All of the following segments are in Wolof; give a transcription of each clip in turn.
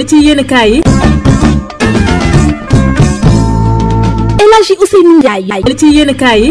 li ci yenn kaay yi. El Hadji Ousseynou Ndiaye li ci yenn kaay yi.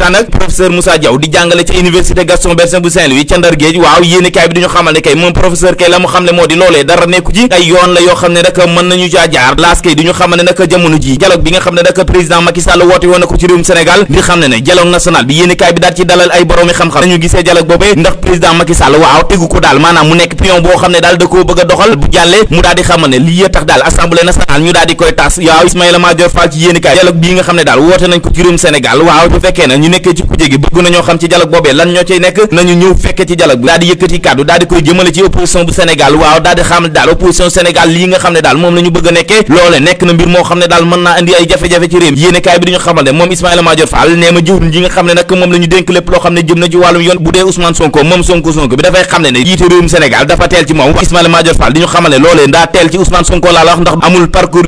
waxtaan professeur Moussa Diaw di jàngale ca université Gaston Berger bu Saint-Louis ca Ndar waaw yéene bi di xamal ne kay moom professeur kay la mu xam ne moo di loolee dara nekku ci ay yoon la yoo xam ne nag mën nañu caa jaar laas ñu xamal ne nag jamono ji dialogue bi nga xam ne nag président Macky waaw tegu ko daal maanaam mu nekk pion boo xam ne daal da koo bëgg doxal bu jàllee mu daal xamal ne lii tax daal assemblée nationale ñu daal ko ñu nekkee ci kujje gi bëgg nañoo xam ci dialogue boobee lan ñoo nekk nañu ñëw fekke ci dialogue bi daal yëkkati kàddu daal koy jëmale ci opposition bu Sénégal waaw daal xam daal opposition Sénégal lii nga xam ne daal moom la ñu bëgg a nekkee loole nekk na mbir moo xam ne daal mën naa indi ay loo xam ne jëm na ci wàllum yoon bu dee Ousmane Sonko moom Sonko Sonko bi dafay xam ne ne jiite réewum Sénégal dafa teel ci moom Ismaïla Madior Fall di ñu xamal ne loolee ndaa teel ci Ousmane Sonko laa wax ndax amul parcours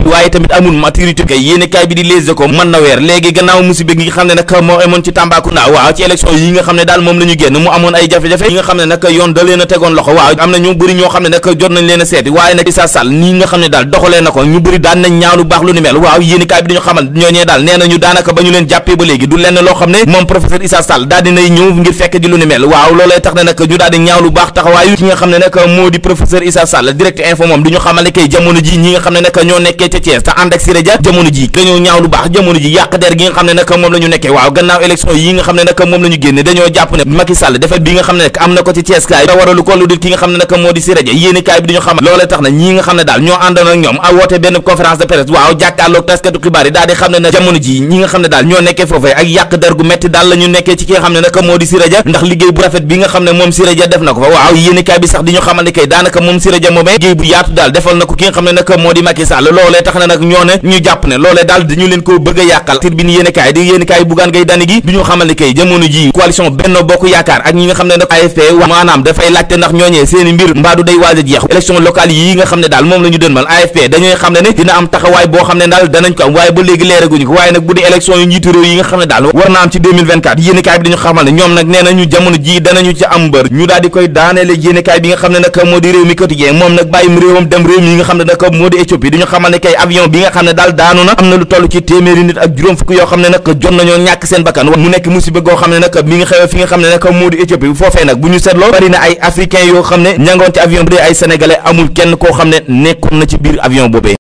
amoon ci Tambacounda waaw ci élection yi nga xam ne daal moom la génn mu amoon ay jafe-jafe yi nga xam ne nag yoon da a tegoon loxo waaw am na ñu bëri ñoo xam ne nag jot nañ ñoo nekkee ca Thiès te ànd ak Siré ji dañoo ñaaw lu baax jamono ji yàq der gi nga xam ne nag moom la nekkee waaw gannaaw élection yi nga xam ne nag moom la génne dañoo jàpp ne loolee daal defal na ko ki nga xam ne nag moo di Macky Sall loolee tax na nag ñoo ne ñu jàpp ne loolee daal dañu leen ko bëgg a yàqal tribune yéeni kaay di yéeni kaay bugaan dani gi du ñu xamal ne kay jamono ji coalition Benno Bokk Yaakaar ak ñi nga xam ne nag AFP wa maanaam dafay laajte ndax ñooñee seeni mbir mbaadu a jeex élection locale la ñu dënmal AFP ne ne dina am boo xam ne daal danañ ko am waaye ba léegi leeraguñu ko waaye nag bu dee élection yu njiitu réew yi nga xam ne daal war na am ci 2024 yéenekaay bi dañu xamal am ne nag moo di réew mi quotidien moom nga xam ne nag moo di Éthiopie xamal ne kay avion bi nga xam ne daal daanu na am na lu toll ci téeméeri nit ak juróom fukk yoo xam ne nag jot nañoo ñàkk seen bakkan mu nekk musiba goo xam ne nag mi ngi xewee fi nga xam ne nag moo di Éthiopie bu foofee nag bu ñu seetloo bari na ay africain yoo xam ne ñangoon ci avion bi ay sénégalais amul kenn koo xam ne nekkoon na ci biir avion boobee